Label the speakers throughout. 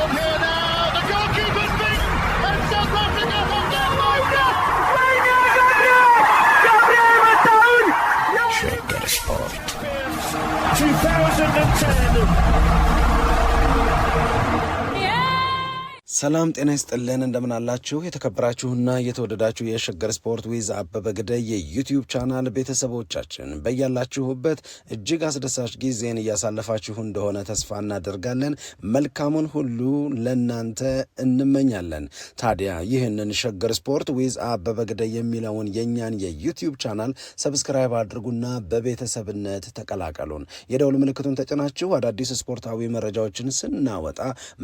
Speaker 1: hear that. ሰላም ጤና ይስጥልን እንደምን አላችሁ? የተከበራችሁና የተወደዳችሁ የሸገር ስፖርት ዊዝ አበበ ግደይ የዩትዩብ ቻናል ቤተሰቦቻችን በያላችሁበት እጅግ አስደሳች ጊዜን እያሳለፋችሁ እንደሆነ ተስፋ እናደርጋለን። መልካሙን ሁሉ ለናንተ እንመኛለን። ታዲያ ይህንን ሸገር ስፖርት ዊዝ አበበ ግደይ የሚለውን የእኛን የዩትዩብ ቻናል ሰብስክራይብ አድርጉና በቤተሰብነት ተቀላቀሉን። የደውል ምልክቱን ተጭናችሁ አዳዲስ ስፖርታዊ መረጃዎችን ስናወጣ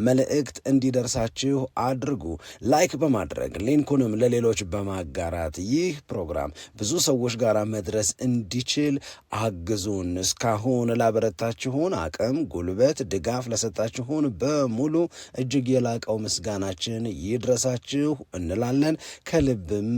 Speaker 1: መልእክት እንዲደርሳችሁ ሼር አድርጉ፣ ላይክ በማድረግ ሊንኩንም ለሌሎች በማጋራት ይህ ፕሮግራም ብዙ ሰዎች ጋር መድረስ እንዲችል አግዙን። እስካሁን ላበረታችሁን አቅም፣ ጉልበት፣ ድጋፍ ለሰጣችሁን በሙሉ እጅግ የላቀው ምስጋናችን ይድረሳችሁ እንላለን ከልብም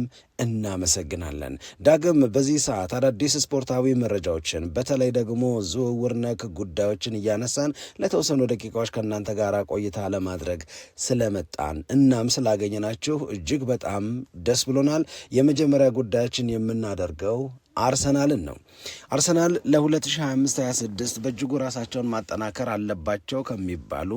Speaker 1: እናመሰግናለን። ዳግም በዚህ ሰዓት አዳዲስ ስፖርታዊ መረጃዎችን በተለይ ደግሞ ዝውውር ነክ ጉዳዮችን እያነሳን ለተወሰኑ ደቂቃዎች ከእናንተ ጋር ቆይታ ለማድረግ ስለመጣን እናም ስላገኘናችሁ እጅግ በጣም ደስ ብሎናል። የመጀመሪያ ጉዳያችን የምናደርገው አርሰናልን ነው። አርሰናል ለ2025/26 በእጅጉ ራሳቸውን ማጠናከር አለባቸው ከሚባሉ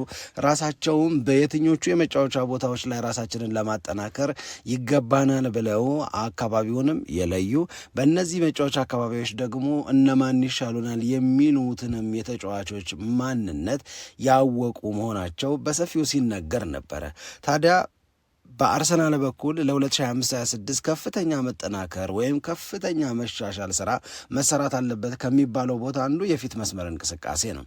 Speaker 1: ራሳቸውም በየትኞቹ የመጫወቻ ቦታዎች ላይ ራሳችንን ለማጠናከር ይገባናል ብለው አካባቢውንም የለዩ በእነዚህ መጫወቻ አካባቢዎች ደግሞ እነማን ይሻሉናል የሚሉትንም የተጫዋቾች ማንነት ያወቁ መሆናቸው በሰፊው ሲነገር ነበረ። ታዲያ በአርሰናል በኩል ለ2025/26 ከፍተኛ መጠናከር ወይም ከፍተኛ መሻሻል ስራ መሰራት አለበት ከሚባለው ቦታ አንዱ የፊት መስመር እንቅስቃሴ ነው።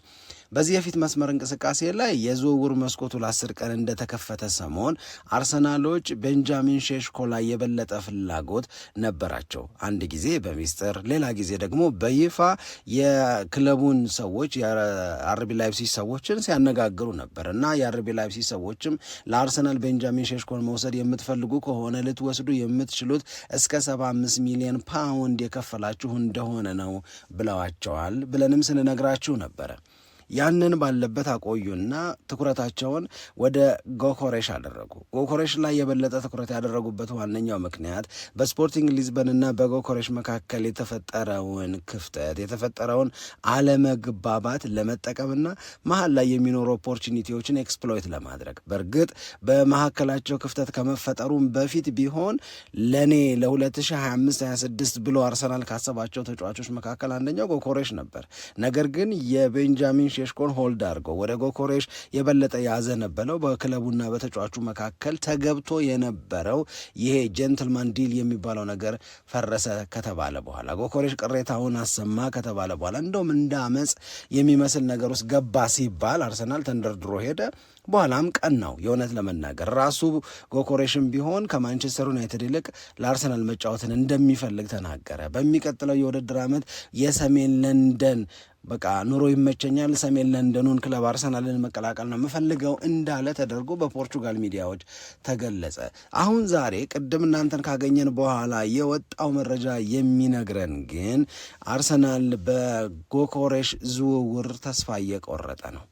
Speaker 1: በዚህ የፊት መስመር እንቅስቃሴ ላይ የዝውውር መስኮቱ ለአስር ቀን እንደተከፈተ ሰሞን አርሰናሎች ቤንጃሚን ሼሽኮ ላይ የበለጠ ፍላጎት ነበራቸው። አንድ ጊዜ በሚስጥር ሌላ ጊዜ ደግሞ በይፋ የክለቡን ሰዎች የአርቢ ላይፕሲ ሰዎችን ሲያነጋግሩ ነበር እና የአርቢ ላይፕሲ ሰዎችም ለአርሰናል ቤንጃሚን ሼሽኮን መውሰድ የምትፈልጉ ከሆነ ልትወስዱ የምትችሉት እስከ 75 ሚሊዮን ፓውንድ የከፈላችሁ እንደሆነ ነው ብለዋቸዋል ብለንም ስንነግራችሁ ነበረ። ያንን ባለበት አቆዩና ትኩረታቸውን ወደ ጎኮሬሽ አደረጉ። ጎኮሬሽ ላይ የበለጠ ትኩረት ያደረጉበት ዋነኛው ምክንያት በስፖርቲንግ ሊዝበንና በጎኮሬሽ መካከል የተፈጠረውን ክፍተት የተፈጠረውን አለመግባባት ለመጠቀምና መሀል ላይ የሚኖሩ ኦፖርቹኒቲዎችን ኤክስፕሎይት ለማድረግ በእርግጥ በመካከላቸው ክፍተት ከመፈጠሩም በፊት ቢሆን ለእኔ ለ2025/26 ብሎ አርሰናል ካሰባቸው ተጫዋቾች መካከል አንደኛው ጎኮሬሽ ነበር። ነገር ግን የቤንጃሚን ሼሽኮን ሆልድ አድርጎ ወደ ጎኮሬሽ የበለጠ ያዘነበለው በክለቡና በተጫዋቹ መካከል ተገብቶ የነበረው ይሄ ጀንትልማን ዲል የሚባለው ነገር ፈረሰ ከተባለ በኋላ ጎኮሬሽ ቅሬታውን አሰማ ከተባለ በኋላ እንደውም እንደ አመፅ የሚመስል ነገር ውስጥ ገባ ሲባል አርሰናል ተንደርድሮ ሄደ። በኋላም ቀን ነው የእውነት ለመናገር ራሱ ጎኮሬሽም ቢሆን ከማንቸስተር ዩናይትድ ይልቅ ለአርሰናል መጫወትን እንደሚፈልግ ተናገረ። በሚቀጥለው የውድድር ዓመት የሰሜን ለንደን በቃ ኑሮ ይመቸኛል፣ ሰሜን ለንደኑን ክለብ አርሰናልን መቀላቀል ነው የምፈልገው እንዳለ ተደርጎ በፖርቹጋል ሚዲያዎች ተገለጸ። አሁን ዛሬ ቅድም እናንተን ካገኘን በኋላ የወጣው መረጃ የሚነግረን ግን አርሰናል በጎኮሬሽ ዝውውር ተስፋ እየቆረጠ ነው።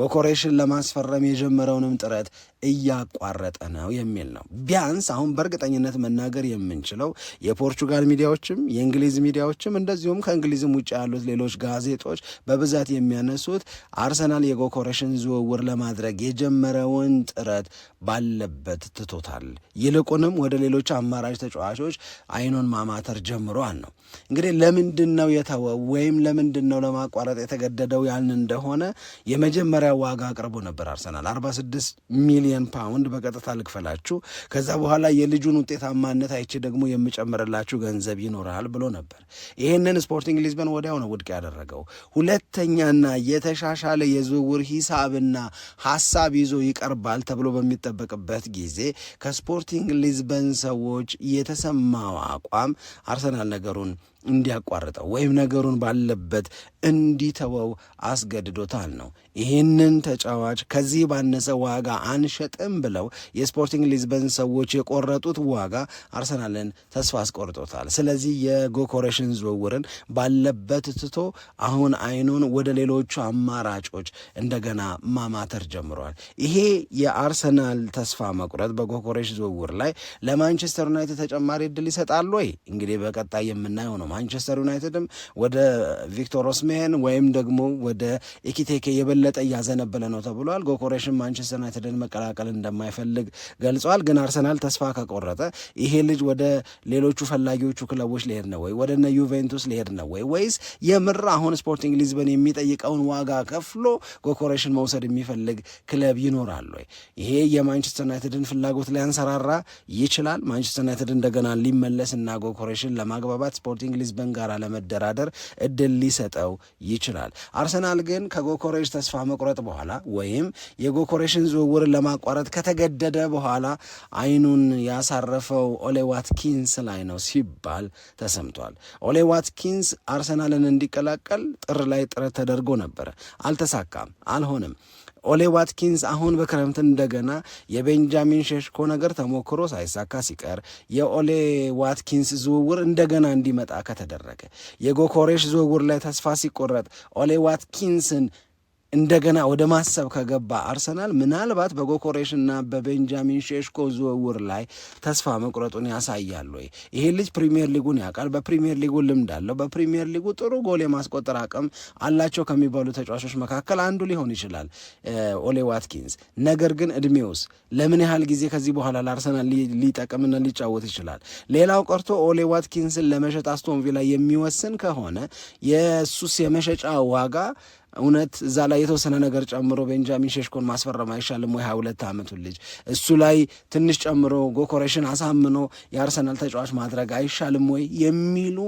Speaker 1: ጎኮሬሽን ለማስፈረም የጀመረውንም ጥረት እያቋረጠ ነው የሚል ነው። ቢያንስ አሁን በእርግጠኝነት መናገር የምንችለው የፖርቹጋል ሚዲያዎችም የእንግሊዝ ሚዲያዎችም እንደዚሁም ከእንግሊዝም ውጭ ያሉት ሌሎች ጋዜጦች በብዛት የሚያነሱት አርሰናል የጎኮሬሽን ዝውውር ለማድረግ የጀመረውን ጥረት ባለበት ትቶታል፣ ይልቁንም ወደ ሌሎች አማራጭ ተጫዋቾች አይኑን ማማተር ጀምሯል ነው እንግዲህ ለምንድን ነው የተወው ወይም ለምንድን ነው ለማቋረጥ የተገደደው ያልን እንደሆነ መጀመሪያ ዋጋ አቅርቦ ነበር አርሰናል 46 ሚሊዮን ፓውንድ በቀጥታ ልክፈላችሁ፣ ከዛ በኋላ የልጁን ውጤታማነት አይቼ ደግሞ የምጨምርላችሁ ገንዘብ ይኖራል ብሎ ነበር። ይህንን ስፖርቲንግ ሊዝበን ወዲያው ነው ውድቅ ያደረገው። ሁለተኛና የተሻሻለ የዝውውር ሂሳብና ሀሳብ ይዞ ይቀርባል ተብሎ በሚጠበቅበት ጊዜ ከስፖርቲንግ ሊዝበን ሰዎች የተሰማው አቋም አርሰናል ነገሩን እንዲያቋርጠው ወይም ነገሩን ባለበት እንዲተወው አስገድዶታል ነው። ይህንን ተጫዋች ከዚህ ባነሰ ዋጋ አንሸጥም ብለው የስፖርቲንግ ሊዝበን ሰዎች የቆረጡት ዋጋ አርሰናልን ተስፋ አስቆርጦታል። ስለዚህ የጎኮሬሽን ዝውውርን ባለበት ትቶ አሁን አይኑን ወደ ሌሎቹ አማራጮች እንደገና ማማተር ጀምሯል። ይሄ የአርሰናል ተስፋ መቁረጥ በጎኮሬሽ ዝውውር ላይ ለማንቸስተር ዩናይትድ ተጨማሪ እድል ይሰጣል ወይ? እንግዲህ በቀጣይ የምናየው ነው። ማንቸስተር ዩናይትድም ወደ ቪክቶር ኦስሜን ወይም ደግሞ ወደ ኢኪቴኬ የበለጠ እያዘነበለ ነው ተብሏል። ጎኮሬሽን ማንቸስተር ዩናይትድን መቀላቀል እንደማይፈልግ ገልጿል። ግን አርሰናል ተስፋ ከቆረጠ ይሄ ልጅ ወደ ሌሎቹ ፈላጊዎቹ ክለቦች ሊሄድ ነው ወይ? ወደ እነ ዩቬንቱስ ሊሄድ ነው ወይ? ወይስ የምር አሁን ስፖርቲንግ ሊዝበን የሚጠይቀውን ዋጋ ከፍሎ ጎኮሬሽን መውሰድ የሚፈልግ ክለብ ይኖራል ወይ? ይሄ የማንቸስተር ዩናይትድን ፍላጎት ሊያንሰራራ ይችላል። ማንቸስተር ዩናይትድ እንደገና ሊመለስ እና ጎኮሬሽን ለማግባባት ስፖርቲንግ ከሊዝበን ጋር ለመደራደር እድል ሊሰጠው ይችላል። አርሰናል ግን ከጎኮሬሽ ተስፋ መቁረጥ በኋላ ወይም የጎኮሬሽን ዝውውርን ለማቋረጥ ከተገደደ በኋላ አይኑን ያሳረፈው ኦሌ ዋትኪንስ ላይ ነው ሲባል ተሰምቷል። ኦሌ ዋትኪንስ አርሰናልን እንዲቀላቀል ጥር ላይ ጥረት ተደርጎ ነበረ፣ አልተሳካም፣ አልሆንም። ኦሌ ዋትኪንስ አሁን በክረምት እንደገና የቤንጃሚን ሸሽኮ ነገር ተሞክሮ ሳይሳካ ሲቀር የኦሌ ዋትኪንስ ዝውውር እንደገና እንዲመጣ ከተደረገ የጎኮሬሽ ዝውውር ላይ ተስፋ ሲቆረጥ ኦሌ ዋትኪንስን እንደገና ወደ ማሰብ ከገባ አርሰናል ምናልባት በጎኮሬሽና በቤንጃሚን ሼሽኮ ዝውውር ላይ ተስፋ መቁረጡን ያሳያል ወይ? ይሄ ልጅ ፕሪሚየር ሊጉን ያውቃል፣ በፕሪሚየር ሊጉ ልምድ አለው፣ በፕሪሚየር ሊጉ ጥሩ ጎል የማስቆጠር አቅም አላቸው ከሚባሉ ተጫዋቾች መካከል አንዱ ሊሆን ይችላል ኦሌ ዋትኪንስ። ነገር ግን እድሜውስ ለምን ያህል ጊዜ ከዚህ በኋላ ለአርሰናል ሊጠቅምና ሊጫወት ይችላል? ሌላው ቀርቶ ኦሌ ዋትኪንስን ለመሸጥ አስቶንቪላ የሚወስን ከሆነ የእሱስ የመሸጫ ዋጋ እውነት እዛ ላይ የተወሰነ ነገር ጨምሮ ቤንጃሚን ሼሽኮን ማስፈረም አይሻልም ወይ? ሀያ ሁለት ዓመቱን ልጅ እሱ ላይ ትንሽ ጨምሮ ጎኮሬሽን አሳምኖ የአርሰናል ተጫዋች ማድረግ አይሻልም ወይ የሚሉ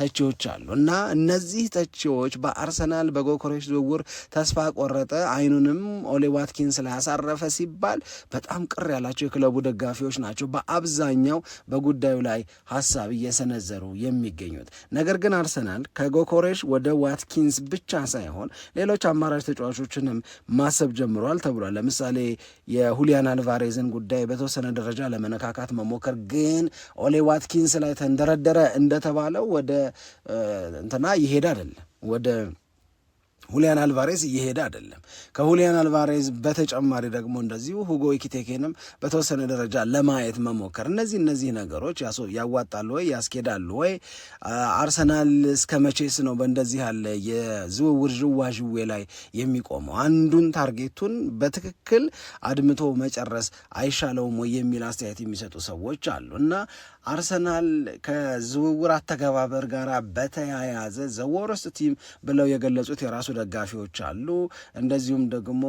Speaker 1: ተቺዎች አሉ። እና እነዚህ ተቺዎች በአርሰናል በጎኮሬሽ ዝውውር ተስፋ ቆረጠ፣ አይኑንም ኦሌ ዋትኪንስ ላይ ያሳረፈ ሲባል በጣም ቅር ያላቸው የክለቡ ደጋፊዎች ናቸው በአብዛኛው በጉዳዩ ላይ ሀሳብ እየሰነዘሩ የሚገኙት። ነገር ግን አርሰናል ከጎኮሬሽ ወደ ዋትኪንስ ብቻ ሳይሆን ሌሎች አማራጭ ተጫዋቾችንም ማሰብ ጀምረዋል ተብሏል። ለምሳሌ የሁሊያን አልቫሬዝን ጉዳይ በተወሰነ ደረጃ ለመነካካት መሞከር ግን ኦሌ ዋትኪንስ ላይ ተንደረደረ እንደተባለው ወደ እንትና ይሄድ አይደለም ወደ ሁሊያን አልቫሬዝ እየሄደ አይደለም። ከሁሊያን አልቫሬዝ በተጨማሪ ደግሞ እንደዚሁ ሁጎ ኢኪቴኬንም በተወሰነ ደረጃ ለማየት መሞከር፣ እነዚህ እነዚህ ነገሮች ያዋጣሉ ወይ ያስኬዳሉ ወይ? አርሰናል እስከ መቼስ ነው በእንደዚህ ያለ የዝውውር ዥዋዥዌ ላይ የሚቆመው? አንዱን ታርጌቱን በትክክል አድምቶ መጨረስ አይሻለውም ወይ የሚል አስተያየት የሚሰጡ ሰዎች አሉ እና አርሰናል ከዝውውር አተገባበር ጋር በተያያዘ ዘወረስት ቲም ብለው የገለጹት የራሱ ደጋፊዎች አሉ። እንደዚሁም ደግሞ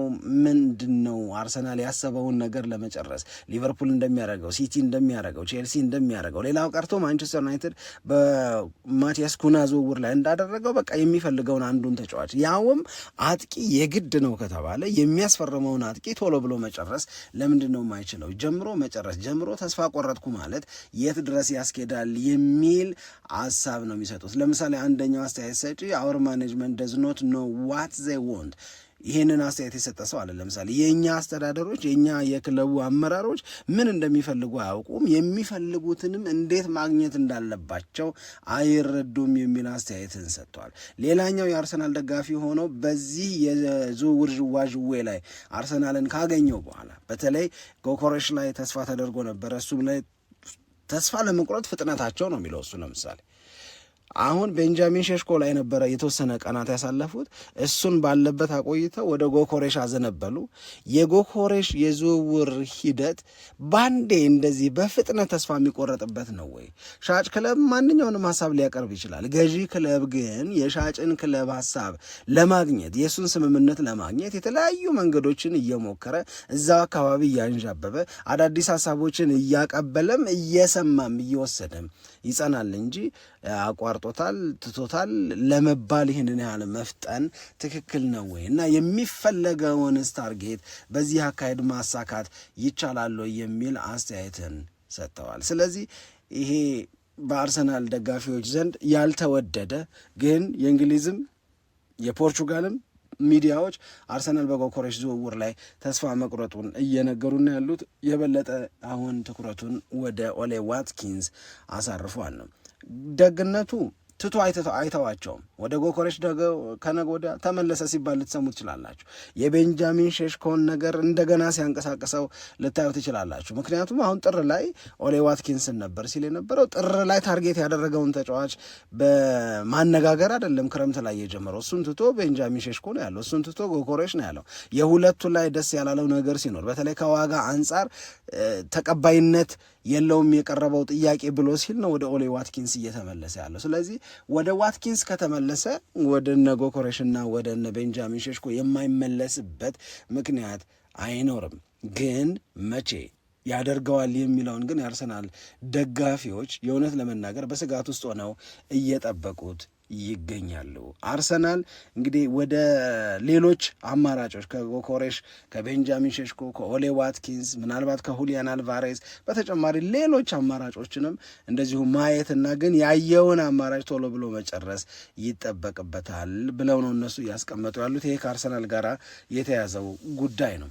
Speaker 1: ምንድን ነው አርሰናል ያሰበውን ነገር ለመጨረስ ሊቨርፑል እንደሚያደርገው፣ ሲቲ እንደሚያደርገው፣ ቼልሲ እንደሚያደርገው፣ ሌላው ቀርቶ ማንቸስተር ዩናይትድ በማቲያስ ኩና ዝውውር ላይ እንዳደረገው በቃ የሚፈልገውን አንዱን ተጫዋች ያውም አጥቂ የግድ ነው ከተባለ የሚያስፈርመውን አጥቂ ቶሎ ብሎ መጨረስ ለምንድን ነው የማይችለው? ጀምሮ መጨረስ ጀምሮ ተስፋ ቆረጥኩ ማለት የት ድረስ ያስኬዳል የሚል ሀሳብ ነው የሚሰጡት። ለምሳሌ አንደኛው አስተያየት ሰጪ አወር ማኔጅመንት ደዝ ኖት ኖ ዋት ዘይ ወንት ይህንን አስተያየት የሰጠ ሰው አለ። ለምሳሌ የእኛ አስተዳደሮች የእኛ የክለቡ አመራሮች ምን እንደሚፈልጉ አያውቁም፣ የሚፈልጉትንም እንዴት ማግኘት እንዳለባቸው አይረዱም የሚል አስተያየትን ሰጥቷል። ሌላኛው የአርሰናል ደጋፊ ሆነው በዚህ የዝውውር ዥዋዥዌ ላይ አርሰናልን ካገኘው በኋላ በተለይ ጎኮሬሽ ላይ ተስፋ ተደርጎ ነበረ እሱም ላይ ተስፋ ለመቁረጥ ፍጥነታቸው ነው የሚለው እሱ ለምሳሌ አሁን ቤንጃሚን ሸሽኮ ላይ ነበረ የተወሰነ ቀናት ያሳለፉት። እሱን ባለበት አቆይተው ወደ ጎኮሬሽ አዘነበሉ። የጎኮሬሽ የዝውውር ሂደት ባንዴ እንደዚህ በፍጥነት ተስፋ የሚቆረጥበት ነው ወይ? ሻጭ ክለብ ማንኛውንም ሀሳብ ሊያቀርብ ይችላል። ገዢ ክለብ ግን የሻጭን ክለብ ሀሳብ ለማግኘት የእሱን ስምምነት ለማግኘት የተለያዩ መንገዶችን እየሞከረ እዛው አካባቢ እያንዣበበ አዳዲስ ሀሳቦችን እያቀበለም እየሰማም እየወሰደም ይጸናል እንጂ አቋርጦታል፣ ትቶታል ለመባል ይህንን ያህል መፍጠን ትክክል ነው ወይ እና የሚፈለገውን ታርጌት በዚህ አካሄድ ማሳካት ይቻላል የሚል አስተያየትን ሰጥተዋል። ስለዚህ ይሄ በአርሰናል ደጋፊዎች ዘንድ ያልተወደደ ግን የእንግሊዝም የፖርቹጋልም ሚዲያዎች አርሰናል በጎኮሬሽ ዝውውር ላይ ተስፋ መቁረጡን እየነገሩና ያሉት የበለጠ አሁን ትኩረቱን ወደ ኦሌ ዋትኪንስ አሳርፏል ነው ደግነቱ ትቶ አይተዋቸውም። ወደ ጎኮሬሽ ከነገ ወዲያ ተመለሰ ሲባል ልትሰሙ ትችላላችሁ። የቤንጃሚን ሼሽኮን ነገር እንደገና ሲያንቀሳቅሰው ልታዩ ትችላላችሁ። ምክንያቱም አሁን ጥር ላይ ኦሌ ዋትኪንስን ነበር ሲል የነበረው ጥር ላይ ታርጌት ያደረገውን ተጫዋች በማነጋገር አይደለም ክረምት ላይ የጀመረው። እሱን ትቶ ቤንጃሚን ሼሽኮ ነው ያለው። እሱን ትቶ ጎኮሬሽ ነው ያለው። የሁለቱ ላይ ደስ ያላለው ነገር ሲኖር በተለይ ከዋጋ አንጻር ተቀባይነት የለውም የቀረበው ጥያቄ ብሎ ሲል ነው ወደ ኦሌ ዋትኪንስ እየተመለሰ ያለው። ስለዚህ ወደ ዋትኪንስ ከተመለሰ ወደ እነ እና ወደ እነ ቤንጃሚን ሸሽኮ የማይመለስበት ምክንያት አይኖርም። ግን መቼ ያደርገዋል የሚለውን ግን የአርሰናል ደጋፊዎች የእውነት ለመናገር በስጋት ውስጥ ሆነው እየጠበቁት ይገኛሉ። አርሰናል እንግዲህ ወደ ሌሎች አማራጮች ከጎኮሬሽ፣ ከቤንጃሚን ሼሽኮ፣ ከኦሌ ዋትኪንስ ምናልባት ከሁሊያን አልቫሬዝ በተጨማሪ ሌሎች አማራጮችንም እንደዚሁ ማየትና ግን ያየውን አማራጭ ቶሎ ብሎ መጨረስ ይጠበቅበታል ብለው ነው እነሱ እያስቀመጡ ያሉት። ይሄ ከአርሰናል ጋር የተያዘው ጉዳይ ነው።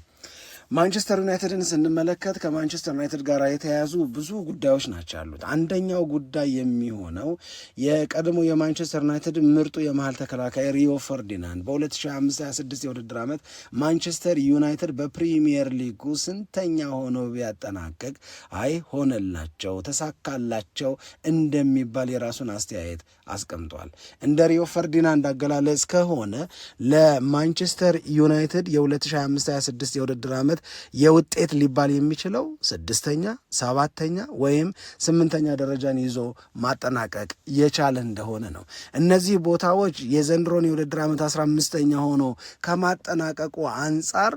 Speaker 1: ማንቸስተር ዩናይትድን ስንመለከት ከማንቸስተር ዩናይትድ ጋር የተያያዙ ብዙ ጉዳዮች ናቸው ያሉት። አንደኛው ጉዳይ የሚሆነው የቀድሞ የማንቸስተር ዩናይትድ ምርጡ የመሀል ተከላካይ ሪዮ ፈርዲናንድ በ2025/26 የውድድር ዓመት ማንቸስተር ዩናይትድ በፕሪሚየር ሊጉ ስንተኛ ሆኖ ቢያጠናቅቅ አይ ሆነላቸው ተሳካላቸው እንደሚባል የራሱን አስተያየት አስቀምጧል። እንደ ሪዮ ፈርዲናንድ አገላለጽ ከሆነ ለማንቸስተር ዩናይትድ የ2025/26 የውድድር ዓመት ማለት የውጤት ሊባል የሚችለው ስድስተኛ፣ ሰባተኛ ወይም ስምንተኛ ደረጃን ይዞ ማጠናቀቅ የቻለ እንደሆነ ነው። እነዚህ ቦታዎች የዘንድሮን የውድድር ዓመት አስራ አምስተኛ ሆኖ ከማጠናቀቁ አንጻር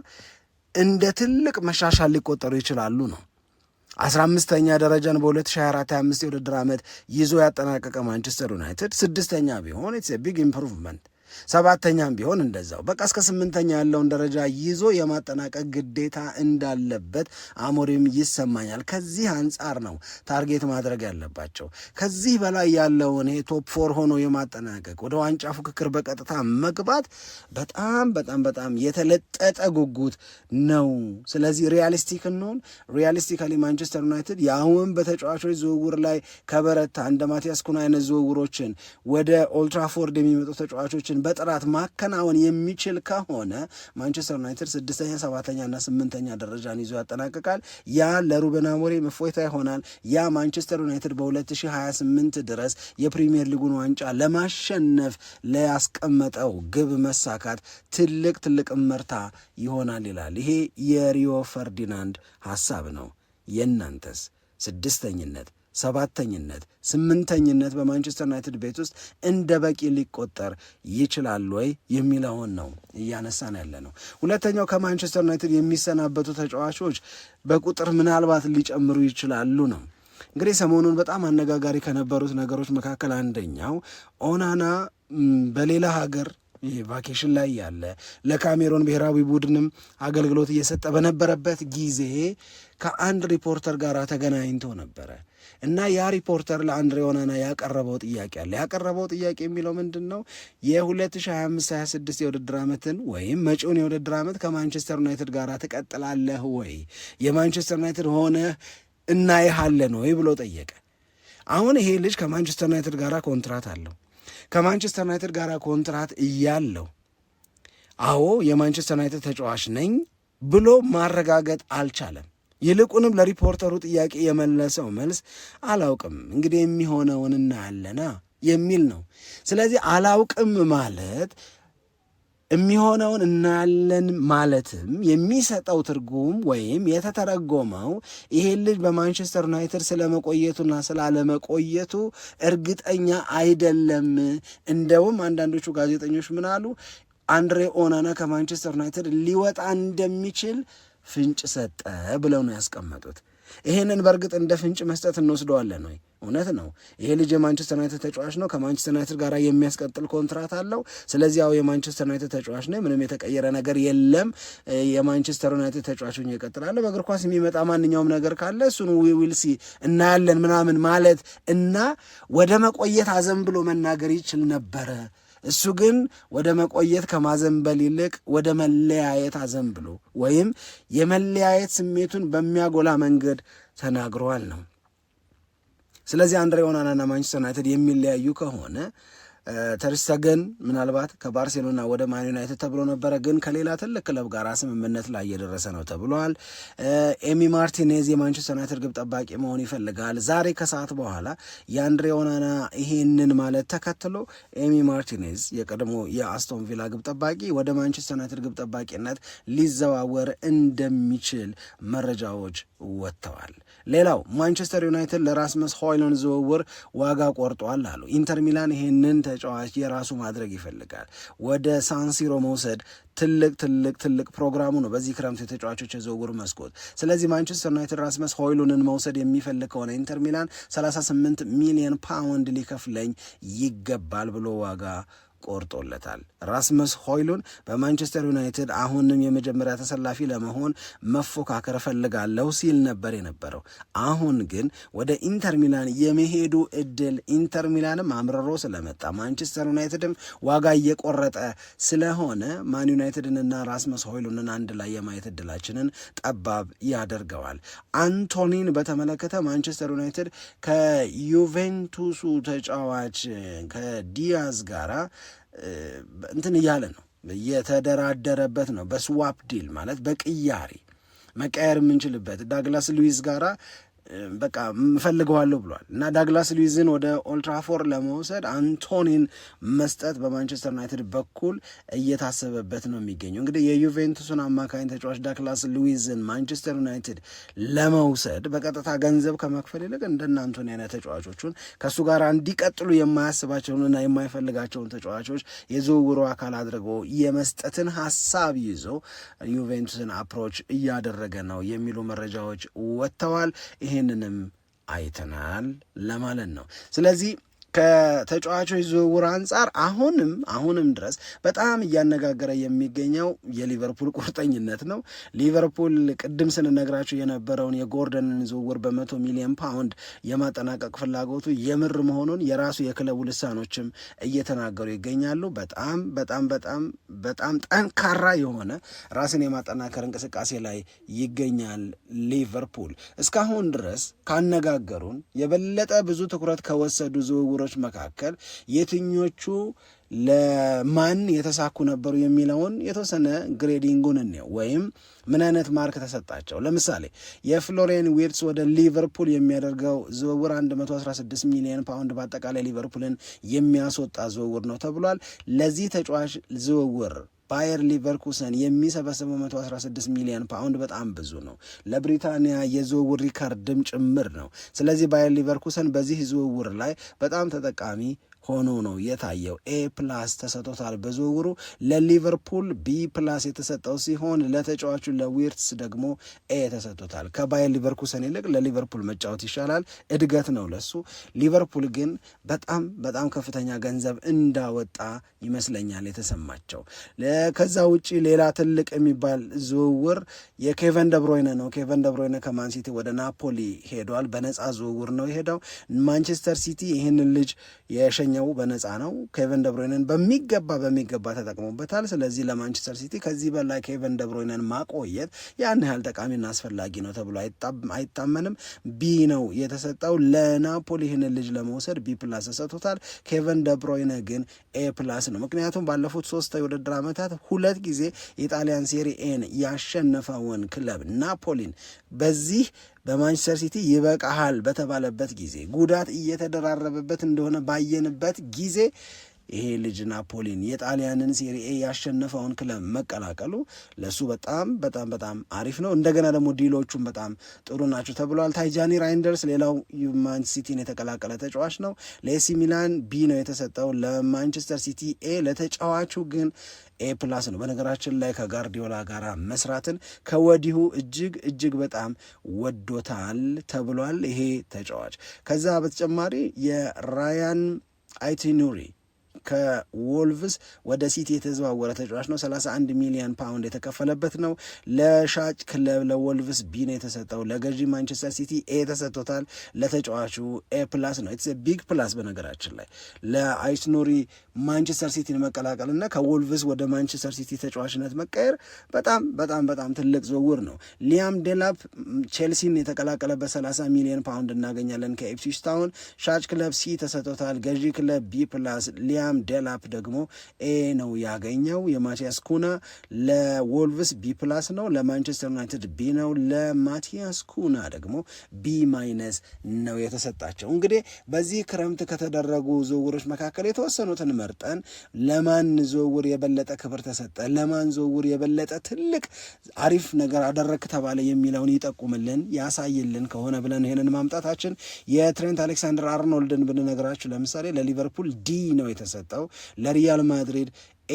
Speaker 1: እንደ ትልቅ መሻሻል ሊቆጠሩ ይችላሉ ነው። አስራ አምስተኛ ደረጃን በ2024 25 የውድድር ዓመት ይዞ ያጠናቀቀ ማንቸስተር ዩናይትድ ስድስተኛ ቢሆን ኢትስ ቢግ ኢምፕሩቭመንት ሰባተኛም ቢሆን እንደዛው በቃ እስከ ስምንተኛ ያለውን ደረጃ ይዞ የማጠናቀቅ ግዴታ እንዳለበት አሞሪም ይሰማኛል። ከዚህ አንጻር ነው ታርጌት ማድረግ ያለባቸው። ከዚህ በላይ ያለውን ቶፕ ፎር ሆኖ የማጠናቀቅ ወደ ዋንጫ ፉክክር በቀጥታ መግባት በጣም በጣም በጣም የተለጠጠ ጉጉት ነው። ስለዚህ ሪያሊስቲክ እንሆን። ሪያሊስቲካሊ ማንቸስተር ዩናይትድ የአሁን በተጫዋቾች ዝውውር ላይ ከበረታ እንደ ማቲያስ ኩን አይነት ዝውውሮችን ወደ ኦልትራፎርድ የሚመጡ ተጫዋቾችን በጥራት ማከናወን የሚችል ከሆነ ማንቸስተር ዩናይትድ ስድስተኛ፣ ሰባተኛ እና ስምንተኛ ደረጃን ይዞ ያጠናቅቃል። ያ ለሩበን አሞሪም እፎይታ ይሆናል። ያ ማንቸስተር ዩናይትድ በ2028 ድረስ የፕሪሚየር ሊጉን ዋንጫ ለማሸነፍ ለያስቀመጠው ግብ መሳካት ትልቅ ትልቅ እመርታ ይሆናል ይላል። ይሄ የሪዮ ፈርዲናንድ ሀሳብ ነው። የእናንተስ ስድስተኝነት ሰባተኝነት፣ ስምንተኝነት በማንቸስተር ዩናይትድ ቤት ውስጥ እንደ በቂ ሊቆጠር ይችላል ወይ የሚለውን ነው እያነሳን ያለ ነው። ሁለተኛው ከማንቸስተር ዩናይትድ የሚሰናበቱ ተጫዋቾች በቁጥር ምናልባት ሊጨምሩ ይችላሉ ነው። እንግዲህ ሰሞኑን በጣም አነጋጋሪ ከነበሩት ነገሮች መካከል አንደኛው ኦናና በሌላ ሀገር ቫኬሽን ላይ ያለ ለካሜሮን ብሔራዊ ቡድንም አገልግሎት እየሰጠ በነበረበት ጊዜ ከአንድ ሪፖርተር ጋር ተገናኝቶ ነበረ እና ያ ሪፖርተር ለአንድሬ ኦናና ያቀረበው ጥያቄ አለ። ያቀረበው ጥያቄ የሚለው ምንድን ነው? የ2025/26 የውድድር ዓመትን ወይም መጪውን የውድድር ዓመት ከማንቸስተር ዩናይትድ ጋር ትቀጥላለህ ወይ? የማንቸስተር ዩናይትድ ሆነህ እናይሃለን ወይ ብሎ ጠየቀ። አሁን ይሄ ልጅ ከማንቸስተር ዩናይትድ ጋር ኮንትራት አለው ከማንቸስተር ዩናይትድ ጋር ኮንትራት እያለው አዎ የማንቸስተር ዩናይትድ ተጫዋች ነኝ ብሎ ማረጋገጥ አልቻለም። ይልቁንም ለሪፖርተሩ ጥያቄ የመለሰው መልስ አላውቅም እንግዲህ የሚሆነውን እናያለና የሚል ነው። ስለዚህ አላውቅም ማለት የሚሆነውን እናያለን ማለትም የሚሰጠው ትርጉም ወይም የተተረጎመው ይሄ ልጅ በማንቸስተር ዩናይትድ ስለመቆየቱና ስላለመቆየቱ እርግጠኛ አይደለም። እንደውም አንዳንዶቹ ጋዜጠኞች ምን አሉ? አንድሬ ኦናና ከማንቸስተር ዩናይትድ ሊወጣ እንደሚችል ፍንጭ ሰጠ ብለው ነው ያስቀመጡት። ይሄንን በእርግጥ እንደ ፍንጭ መስጠት እንወስደዋለን ወይ? እውነት ነው። ይሄ ልጅ የማንቸስተር ዩናይትድ ተጫዋች ነው። ከማንቸስተር ዩናይትድ ጋር የሚያስቀጥል ኮንትራት አለው። ስለዚህ ያው የማንቸስተር ዩናይትድ ተጫዋች ነው። ምንም የተቀየረ ነገር የለም። የማንቸስተር ዩናይትድ ተጫዋች ሆኜ እቀጥላለሁ። በእግር ኳስ የሚመጣ ማንኛውም ነገር ካለ እሱን ዊ ዊል ሲ እናያለን ምናምን ማለት እና ወደ መቆየት አዘን ብሎ መናገር ይችል ነበረ። እሱ ግን ወደ መቆየት ከማዘንበል ይልቅ ወደ መለያየት አዘንብሎ ወይም የመለያየት ስሜቱን በሚያጎላ መንገድ ተናግረዋል ነው። ስለዚህ አንድሬ ኦናናና ማንቸስተር ዩናይትድ የሚለያዩ ከሆነ ተርስተገን ምናልባት ከባርሴሎና ወደ ማን ዩናይትድ ተብሎ ነበረ፣ ግን ከሌላ ትልቅ ክለብ ጋር ስምምነት ላይ እየደረሰ ነው ተብሏል። ኤሚ ማርቲኔዝ የማንቸስተር ዩናይትድ ግብ ጠባቂ መሆን ይፈልጋል። ዛሬ ከሰዓት በኋላ የአንድሬ ኦናና ይሄንን ማለት ተከትሎ ኤሚ ማርቲኔዝ የቀድሞ የአስቶን ቪላ ግብ ጠባቂ ወደ ማንቸስተር ዩናይትድ ግብ ጠባቂነት ሊዘዋወር እንደሚችል መረጃዎች ወጥተዋል። ሌላው ማንቸስተር ዩናይትድ ለራስመስ ሆይሉንድ ዝውውር ዋጋ ቆርጧል አሉ። ኢንተር ሚላን ይሄንን ተጫዋች የራሱ ማድረግ ይፈልጋል። ወደ ሳንሲሮ መውሰድ ትልቅ ትልቅ ትልቅ ፕሮግራሙ ነው በዚህ ክረምት የተጫዋቾች የዝውውር መስኮት። ስለዚህ ማንቸስተር ዩናይትድ ራስመስ ሆይሉንን መውሰድ የሚፈልግ ከሆነ ኢንተር ሚላን 38 ሚሊዮን ፓውንድ ሊከፍለኝ ይገባል ብሎ ዋጋ ቆርጦለታል። ራስመስ ሆይሉን በማንቸስተር ዩናይትድ አሁንም የመጀመሪያ ተሰላፊ ለመሆን መፎካከር እፈልጋለሁ ሲል ነበር የነበረው። አሁን ግን ወደ ኢንተር ሚላን የመሄዱ እድል ኢንተር ሚላንም አምርሮ ስለመጣ ማንቸስተር ዩናይትድም ዋጋ እየቆረጠ ስለሆነ ማን ዩናይትድንና ራስመስ ሆይሉንን አንድ ላይ የማየት እድላችንን ጠባብ ያደርገዋል። አንቶኒን በተመለከተ ማንቸስተር ዩናይትድ ከዩቬንቱሱ ተጫዋች ከዲያዝ ጋራ እንትን እያለ ነው እየተደራደረበት ነው። በስዋፕ ዲል ማለት በቅያሬ መቀየር የምንችልበት ዳግላስ ሉዊስ ጋራ በቃ እፈልገዋለሁ ብሏል እና ዳግላስ ሉዊዝን ወደ ኦልትራፎር ለመውሰድ አንቶኒን መስጠት በማንቸስተር ዩናይትድ በኩል እየታሰበበት ነው የሚገኘው። እንግዲህ የዩቬንቱስን አማካኝ ተጫዋች ዳግላስ ሉዊዝን ማንቸስተር ዩናይትድ ለመውሰድ በቀጥታ ገንዘብ ከመክፈል ይልቅ እንደነ አንቶኒ አይነት ተጫዋቾቹን ከእሱ ጋር እንዲቀጥሉ የማያስባቸውንና የማይፈልጋቸውን ተጫዋቾች የዝውውሩ አካል አድርጎ የመስጠትን ሀሳብ ይዞ ዩቬንቱስን አፕሮች እያደረገ ነው የሚሉ መረጃዎች ወጥተዋል። ይሄ ይህንንም አይተናል ለማለት ነው። ስለዚህ ከተጫዋቾች ዝውውር አንጻር አሁንም አሁንም ድረስ በጣም እያነጋገረ የሚገኘው የሊቨርፑል ቁርጠኝነት ነው። ሊቨርፑል ቅድም ስንነግራቸው የነበረውን የጎርደንን ዝውውር በመቶ ሚሊዮን ፓውንድ የማጠናቀቅ ፍላጎቱ የምር መሆኑን የራሱ የክለቡ ልሳኖችም እየተናገሩ ይገኛሉ። በጣም በጣም በጣም በጣም ጠንካራ የሆነ ራስን የማጠናከር እንቅስቃሴ ላይ ይገኛል ሊቨርፑል። እስካሁን ድረስ ካነጋገሩን የበለጠ ብዙ ትኩረት ከወሰዱ ዝውውር ዝውውሮች መካከል የትኞቹ ለማን የተሳኩ ነበሩ የሚለውን የተወሰነ ግሬዲንጉን እኔው ወይም ምን አይነት ማርክ ተሰጣቸው። ለምሳሌ የፍሎሬን ዊርትስ ወደ ሊቨርፑል የሚያደርገው ዝውውር 116 ሚሊዮን ፓውንድ በአጠቃላይ ሊቨርፑልን የሚያስወጣ ዝውውር ነው ተብሏል። ለዚህ ተጫዋች ዝውውር ባየር ሊቨርኩሰን የሚሰበስበው 116 ሚሊዮን ፓውንድ በጣም ብዙ ነው፣ ለብሪታንያ የዝውውር ሪካርድም ጭምር ነው። ስለዚህ ባየር ሊቨርኩሰን በዚህ ዝውውር ላይ በጣም ተጠቃሚ ሆኖ ነው የታየው። ኤ ፕላስ ተሰጥቶታል በዝውውሩ። ለሊቨርፑል ቢ ፕላስ የተሰጠው ሲሆን ለተጫዋቹ ለዊርትስ ደግሞ ኤ ተሰጥቶታል። ከባየር ሊቨርኩሰን ይልቅ ለሊቨርፑል መጫወት ይሻላል፣ እድገት ነው ለሱ። ሊቨርፑል ግን በጣም በጣም ከፍተኛ ገንዘብ እንዳወጣ ይመስለኛል የተሰማቸው። ከዛ ውጭ ሌላ ትልቅ የሚባል ዝውውር የኬቨን ደብሮይነ ነው። ኬቨን ደብሮይነ ከማንሲቲ ወደ ናፖሊ ሄዷል። በነፃ ዝውውር ነው የሄደው። ማንቸስተር ሲቲ ይህንን ልጅ የሸ ያገኘው በነፃ ነው። ኬቨን ደብሮይነን በሚገባ በሚገባ ተጠቅሞበታል። ስለዚህ ለማንቸስተር ሲቲ ከዚህ በላይ ኬቨን ደብሮይነን ማቆየት ያን ያህል ጠቃሚና አስፈላጊ ነው ተብሎ አይታመንም። ቢ ነው የተሰጠው። ለናፖሊ ይህን ልጅ ለመውሰድ ቢ ፕላስ ተሰጥቶታል። ኬቨን ደብሮይነ ግን ኤ ፕላስ ነው። ምክንያቱም ባለፉት ሶስት የውድድር ዓመታት ሁለት ጊዜ የጣሊያን ሴሪ ኤን ያሸነፈውን ክለብ ናፖሊን በዚህ በማንቸስተር ሲቲ ይበቃሃል በተባለበት ጊዜ ጉዳት እየተደራረበበት እንደሆነ ባየንበት ጊዜ ይሄ ልጅ ናፖሊን የጣሊያንን ሴሪኤ ያሸነፈውን ክለብ መቀላቀሉ ለእሱ በጣም በጣም በጣም አሪፍ ነው። እንደገና ደግሞ ዲሎቹም በጣም ጥሩ ናቸው ተብሏል። ታይጃኒ ራይንደርስ ሌላው ማን ሲቲን የተቀላቀለ ተጫዋች ነው። ለኤሲ ሚላን ቢ ነው የተሰጠው፣ ለማንቸስተር ሲቲ ኤ፣ ለተጫዋቹ ግን ኤ ፕላስ ነው። በነገራችን ላይ ከጋርዲዮላ ጋር መስራትን ከወዲሁ እጅግ እጅግ በጣም ወዶታል ተብሏል ይሄ ተጫዋች። ከዛ በተጨማሪ የራያን አይቲኑሪ ከዎልቭስ ወደ ሲቲ የተዘዋወረ ተጫዋች ነው። 31 ሚሊዮን ፓውንድ የተከፈለበት ነው። ለሻጭ ክለብ ለዎልቭስ ቢ ነው የተሰጠው። ለገዢ ማንቸስተር ሲቲ ኤ ተሰጥቶታል። ለተጫዋቹ ኤ ፕላስ ነው። ኢትስ ቢግ ፕላስ። በነገራችን ላይ ለአይስኖሪ ማንቸስተር ሲቲን መቀላቀል እና ከዎልቭስ ወደ ማንቸስተር ሲቲ ተጫዋችነት መቀየር በጣም በጣም በጣም ትልቅ ዝውውር ነው። ሊያም ዴላፕ ቼልሲን የተቀላቀለበት 30 ሚሊዮን ፓውንድ እናገኛለን ከኢፕስዊች ታውን። ሻጭ ክለብ ሲ ተሰጥቶታል። ገዢ ክለብ ቢ ፕላስ ሊያም ቶተንሃም ደላፕ ደግሞ ኤ ነው ያገኘው። የማቲያስ ኩና ለወልቭስ ቢ ፕላስ ነው፣ ለማንቸስተር ዩናይትድ ቢ ነው፣ ለማቲያስ ኩና ደግሞ ቢ ማይነስ ነው የተሰጣቸው። እንግዲህ በዚህ ክረምት ከተደረጉ ዝውውሮች መካከል የተወሰኑትን መርጠን ለማን ዝውውር የበለጠ ክብር ተሰጠ፣ ለማን ዝውውር የበለጠ ትልቅ አሪፍ ነገር አደረግ ተባለ የሚለውን ይጠቁምልን ያሳይልን ከሆነ ብለን ይህንን ማምጣታችን የትሬንት አሌክሳንደር አርኖልድን ብንነግራችሁ ለምሳሌ ለሊቨርፑል ዲ ነው የተሰጠ የተሰጠው ለሪያል ማድሪድ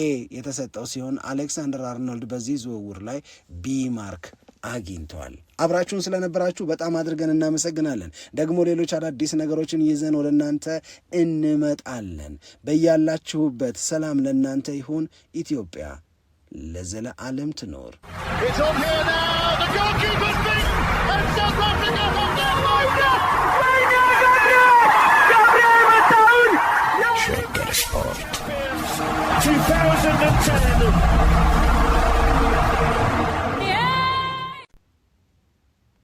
Speaker 1: ኤ የተሰጠው ሲሆን አሌክሳንደር አርኖልድ በዚህ ዝውውር ላይ ቢ ማርክ አግኝተዋል። አብራችሁን ስለነበራችሁ በጣም አድርገን እናመሰግናለን። ደግሞ ሌሎች አዳዲስ ነገሮችን ይዘን ወደ እናንተ እንመጣለን። በያላችሁበት ሰላም ለእናንተ ይሁን። ኢትዮጵያ ለዘለዓለም ትኖር። Sport. 2010.